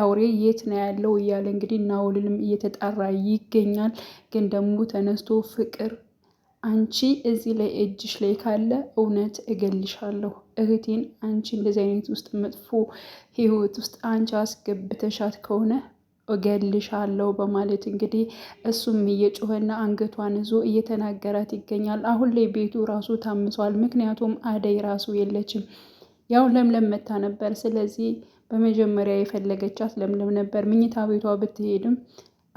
አውሬ የት ነው ያለው እያለ እንግዲህ ናኦልንም እየተጣራ ይገኛል። ግን ደግሞ ተነስቶ ፍቅር አንቺ እዚህ ላይ እጅሽ ላይ ካለ እውነት እገልሻለሁ እህቴን አንቺ እንደዚህ አይነት ውስጥ መጥፎ ህይወት ውስጥ አንቺ አስገብተሻት ከሆነ እገልሻለሁ በማለት እንግዲህ እሱም እየጮኸና አንገቷን ይዞ እየተናገራት ይገኛል። አሁን ላይ ቤቱ ራሱ ታምሷል። ምክንያቱም አደይ ራሱ የለችም። ያው ለምለም መታ ነበር። ስለዚህ በመጀመሪያ የፈለገቻት ለምለም ነበር። ምኝታ ቤቷ ብትሄድም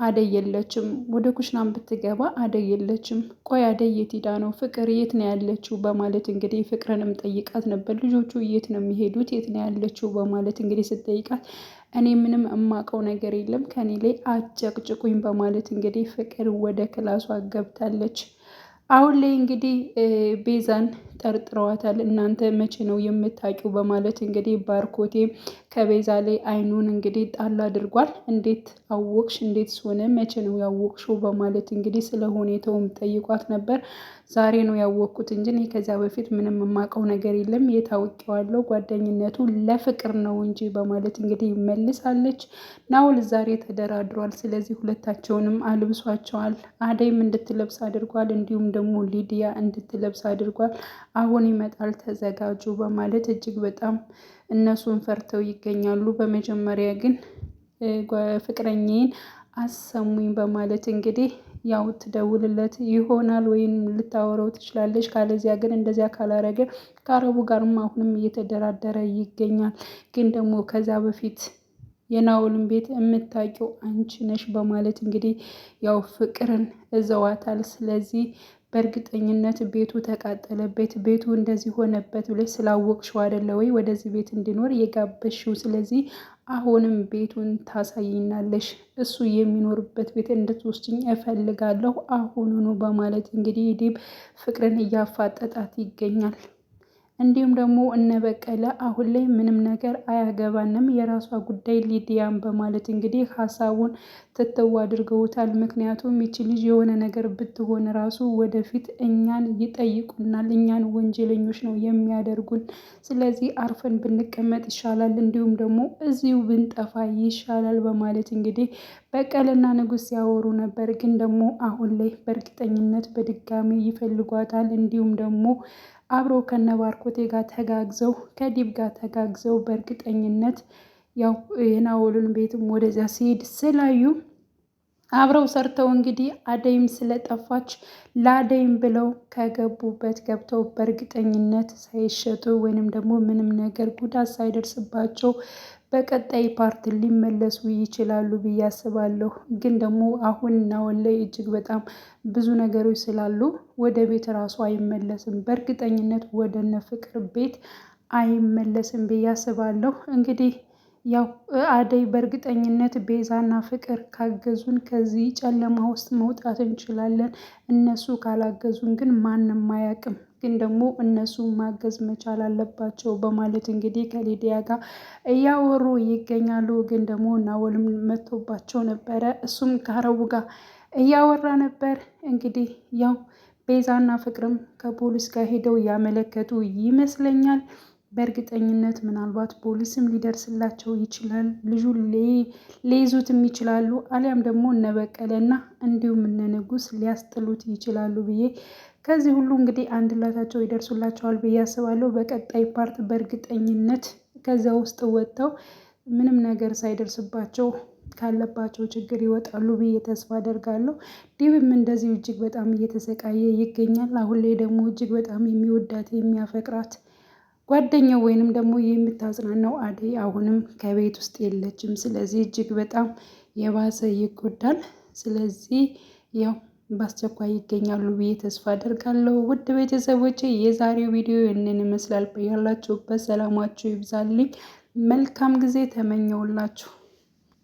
አደይ የለችም። ወደ ኩሽናም ብትገባ አደይ የለችም። ቆይ አደይ የት ሄዳ ነው? ፍቅር የት ነው ያለችው? በማለት እንግዲህ ፍቅርንም ጠይቃት ነበር። ልጆቹ የት ነው የሚሄዱት? የት ነው ያለችው? በማለት እንግዲህ ስትጠይቃት እኔ ምንም እማቀው ነገር የለም ከኔ ላይ አጨቅጭቁኝ በማለት እንግዲህ ፍቅር ወደ ክላሷ ገብታለች። አሁን ላይ እንግዲህ ቤዛን ጠርጥረዋታል። እናንተ መቼ ነው የምታውቂው? በማለት እንግዲህ ባርኮቴ ከቤዛ ላይ አይኑን እንግዲህ ጣል አድርጓል። እንዴት አወቅሽ? እንዴት ሆነ? መቼ ነው ያወቅሽው? በማለት እንግዲህ ስለ ሁኔታውም ጠይቋት ነበር። ዛሬ ነው ያወቅኩት እንጂ እኔ ከዚያ በፊት ምንም የማውቀው ነገር የለም። የታውቂዋለሁ ጓደኝነቱ ለፍቅር ነው እንጂ በማለት እንግዲህ መልሳለች። ናውል ዛሬ ተደራድሯል። ስለዚህ ሁለታቸውንም አልብሷቸዋል። አደይም እንድትለብስ አድርጓል። እንዲሁም ደግሞ ሊዲያ እንድትለብስ አድርጓል። አሁን ይመጣል ተዘጋጁ በማለት እጅግ በጣም እነሱን ፈርተው ይገኛሉ። በመጀመሪያ ግን ፍቅረኛዬን አሰሙኝ በማለት እንግዲህ ያው ትደውልለት ይሆናል ወይም ልታወረው ትችላለች። ካለዚያ ግን እንደዚያ ካላረገ ከአረቡ ጋርም አሁንም እየተደራደረ ይገኛል። ግን ደግሞ ከዛ በፊት የናውልን ቤት የምታውቂው አንቺ ነሽ በማለት እንግዲህ ያው ፍቅርን እዘዋታል። ስለዚህ በእርግጠኝነት ቤቱ ተቃጠለበት፣ ቤቱ እንደዚህ ሆነበት ብለሽ ስላወቅሽው አይደለ ወይ ወደዚህ ቤት እንዲኖር የጋበሽው? ስለዚህ አሁንም ቤቱን ታሳይናለሽ፣ እሱ የሚኖርበት ቤት እንድትወስድኝ እፈልጋለሁ አሁኑኑ በማለት እንግዲህ ዲብ ፍቅርን እያፋጠጣት ይገኛል። እንዲሁም ደግሞ እነበቀለ አሁን ላይ ምንም ነገር አያገባንም የራሷ ጉዳይ ሊዲያም በማለት እንግዲህ ሀሳቡን ትተው አድርገውታል። ምክንያቱም ይቺ ልጅ የሆነ ነገር ብትሆን ራሱ ወደፊት እኛን ይጠይቁናል፣ እኛን ወንጀለኞች ነው የሚያደርጉን። ስለዚህ አርፈን ብንቀመጥ ይሻላል፣ እንዲሁም ደግሞ እዚሁ ብንጠፋ ይሻላል በማለት እንግዲህ በቀልና ንጉስ ሲያወሩ ነበር። ግን ደግሞ አሁን ላይ በእርግጠኝነት በድጋሚ ይፈልጓታል። እንዲሁም ደግሞ አብረው ከነ ባርኮቴ ጋር ተጋግዘው ከዲብ ጋር ተጋግዘው በእርግጠኝነት ያው የናወሉን ቤትም ወደዚያ ሲሄድ ስላዩ አብረው ሰርተው እንግዲህ አደይም ስለጠፋች ለአደይም ብለው ከገቡበት ገብተው በእርግጠኝነት ሳይሸጡ ወይንም ደግሞ ምንም ነገር ጉዳት ሳይደርስባቸው በቀጣይ ፓርት ሊመለሱ ይችላሉ ብዬ አስባለሁ። ግን ደግሞ አሁን እና ላይ እጅግ በጣም ብዙ ነገሮች ስላሉ ወደ ቤት ራሱ አይመለስም በእርግጠኝነት ወደ ፍቅር ቤት አይመለስም ብዬ አስባለሁ። እንግዲህ ያው አደይ በእርግጠኝነት ቤዛና ፍቅር ካገዙን ከዚህ ጨለማ ውስጥ መውጣት እንችላለን። እነሱ ካላገዙን ግን ማንም አያውቅም። ግን ደግሞ እነሱ ማገዝ መቻል አለባቸው በማለት እንግዲህ ከሊዲያ ጋር እያወሩ ይገኛሉ። ግን ደግሞ ናወልም መጥቶባቸው ነበረ። እሱም ከአረቡ ጋር እያወራ ነበር። እንግዲህ ያው ቤዛና ፍቅርም ከፖሊስ ጋር ሄደው ያመለከቱ ይመስለኛል። በእርግጠኝነት ምናልባት ፖሊስም ሊደርስላቸው ይችላል። ልጁ ሊይዙትም ይችላሉ። አሊያም ደግሞ እነበቀለና እንዲሁም እነ ንጉስ ሊያስጥሉት ይችላሉ ብዬ ከዚህ ሁሉ እንግዲህ አንድ ላታቸው ይደርሱላቸዋል ብዬ አስባለሁ። በቀጣይ ፓርት በእርግጠኝነት ከዛ ውስጥ ወጥተው ምንም ነገር ሳይደርስባቸው ካለባቸው ችግር ይወጣሉ ብዬ ተስፋ አደርጋለሁ። ዲብም እንደዚሁ እጅግ በጣም እየተሰቃየ ይገኛል። አሁን ላይ ደግሞ እጅግ በጣም የሚወዳት የሚያፈቅራት ጓደኛው ወይንም ደግሞ የምታጽናናው አደይ አሁንም ከቤት ውስጥ የለችም። ስለዚህ እጅግ በጣም የባሰ ይጎዳል። ስለዚህ ያው በአስቸኳይ ይገኛሉ ብዬ ተስፋ አደርጋለሁ። ውድ ቤተሰቦቼ የዛሬው ቪዲዮ ይህንን ይመስላል። ያላችሁበት ሰላማችሁ ይብዛልኝ። መልካም ጊዜ ተመኘውላችሁ።